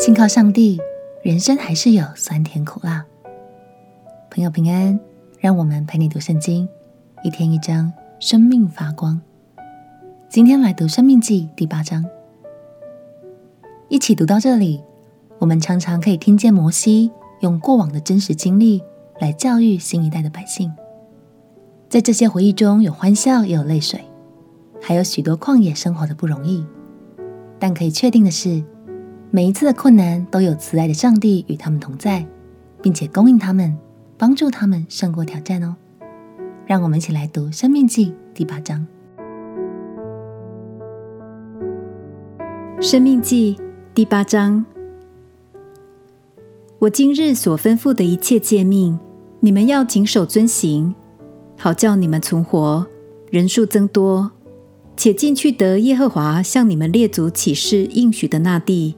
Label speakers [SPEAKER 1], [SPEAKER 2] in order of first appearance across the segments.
[SPEAKER 1] 信靠上帝，人生還是有酸甜苦辣。朋友平安，讓我們陪你讀聖經，一天一章，生命發光。今天來讀《申命記》第八章，一起讀到這裡，我們常常可以聽見摩西用過往的真實經歷來教育新一代的百姓。在這些回憶中有歡笑，也有淚水，還有許多曠野生活的不容易。但可以確定的是，每一次的困難，都有慈愛的上帝與他們同在，並且供應他們，幫助他們勝過挑戰哦。讓我們一起來讀《申命記》第八章。
[SPEAKER 2] 《申命記》第八章，我今日所吩咐的一切誡命，你們要謹守遵行，好叫你們存活，人數增多，且進去得耶和華向你們列祖起誓應許的那地。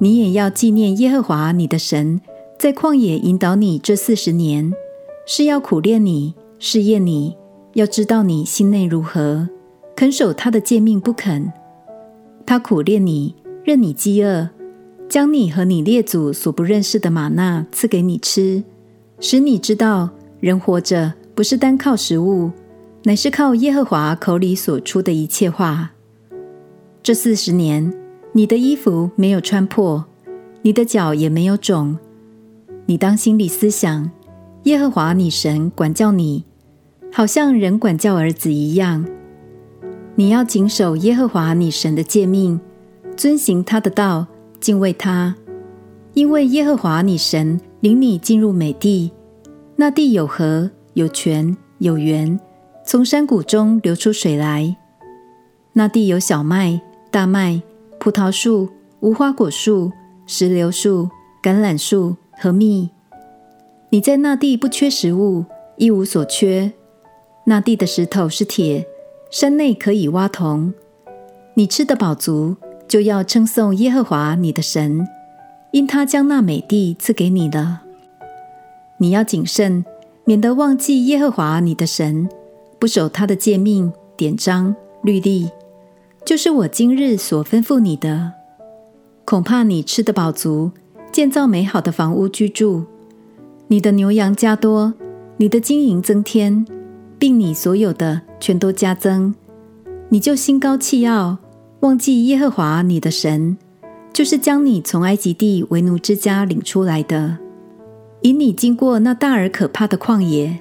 [SPEAKER 2] 你也要紀念耶和華你的神，在曠野引導你這四十年，是要苦煉你、試驗你，要知道你心內如何，肯守他的誡命不肯。他苦煉你，任你飢餓，將你和你列祖所不認識的嗎哪賜給你吃，使你知道人活着不是單靠食物，乃是靠耶和華口裡所出的一切話。這四十年。你的衣服沒有穿破，你的腳也沒有腫。你當心裡思想：耶和華你神管教你，好像人管教兒子一樣。你要謹守耶和華你神的誡命，遵行他的道，敬畏他，因為耶和華你神領你進入美地，那地有河，有泉，有源，從山谷中流出水來。那地有小麥、大麥。葡萄樹、無花果樹、石榴樹、橄欖樹和蜜。你在那地不缺食物，一無所缺。那地的石頭是鐵，山內可以挖銅。你吃得飽足，就要稱頌耶和華你的神，因他將那美地賜給你了。你要謹慎，免得忘記耶和華你的神，不守他的誡命、典章、律例。就是我今日所吩咐你的，恐怕你吃得飽足，建造美好的房屋居住，你的牛羊加多，你的金銀增添，並你所有的全都加增，你就心高氣傲，忘記耶和華你的神，就是將你從埃及地為奴之家領出來的，引你經過那大而可怕的曠野，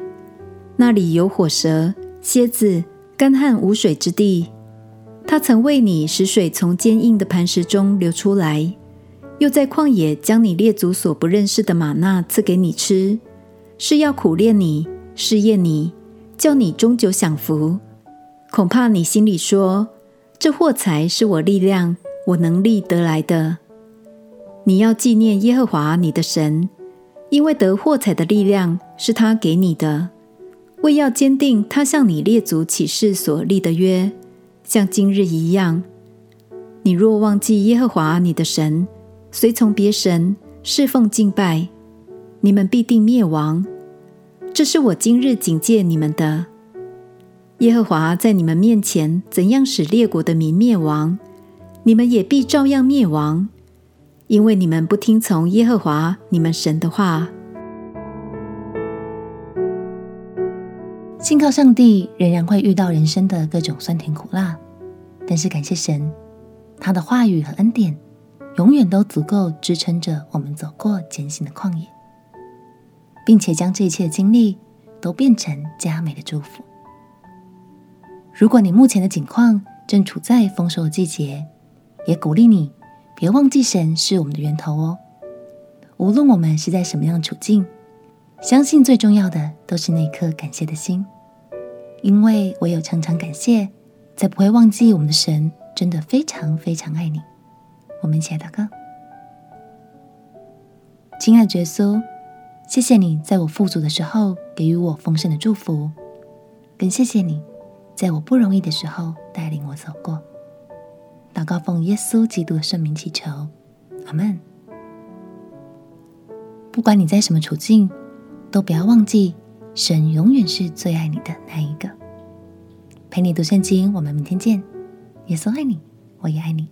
[SPEAKER 2] 那裡有火蛇、蠍子、乾旱無水之地。他曾為你使水從堅硬的磐石中流出來，又在曠野將你列祖所不認識的嗎哪賜給你吃，是要苦練你、試驗你，叫你終久享福。恐怕你心裡說，這貨財，是我力量、我能力得來的。你要紀念耶和華你的神，因為得貨財的力量是他給你的，為要堅定他向你列祖起誓所立的約。像今日一樣，你若忘記耶和華你的神，隨從別神侍奉敬拜，你們必定滅亡。這是我今日警戒你們的。耶和華在你們面前怎樣使列國的民滅亡，你們也必照樣滅亡，因為你們不聽從耶
[SPEAKER 1] 和華你們神的話。信靠上帝，仍然會遇到人生的各種酸甜苦辣，但是感謝神，他的話語和恩典永遠都足夠支撐着我們走過艱辛的曠野，並且將這一切經歷都變成佳美的祝福。如果你目前的景況正處在豐收的季節，也鼓勵你別忘記神是我們的源頭哦。無論我們是在什麼樣的處境，相信最重要的都是那顆感謝的心。因為唯有常常感謝，才不會忘記我們的神真的非常非常愛你。我們一起來禱告。親愛的耶穌，謝謝你在我富足的時候給予我豐盛的祝福，更謝謝你，在我不容易的時候帶領我走過。禱告奉耶穌基督的聖名祈求，阿門。不管你在什麼處境，都不要忘記。神永遠是最愛你的那一個，陪你讀聖經，我們明天見，耶穌愛你，我也愛你。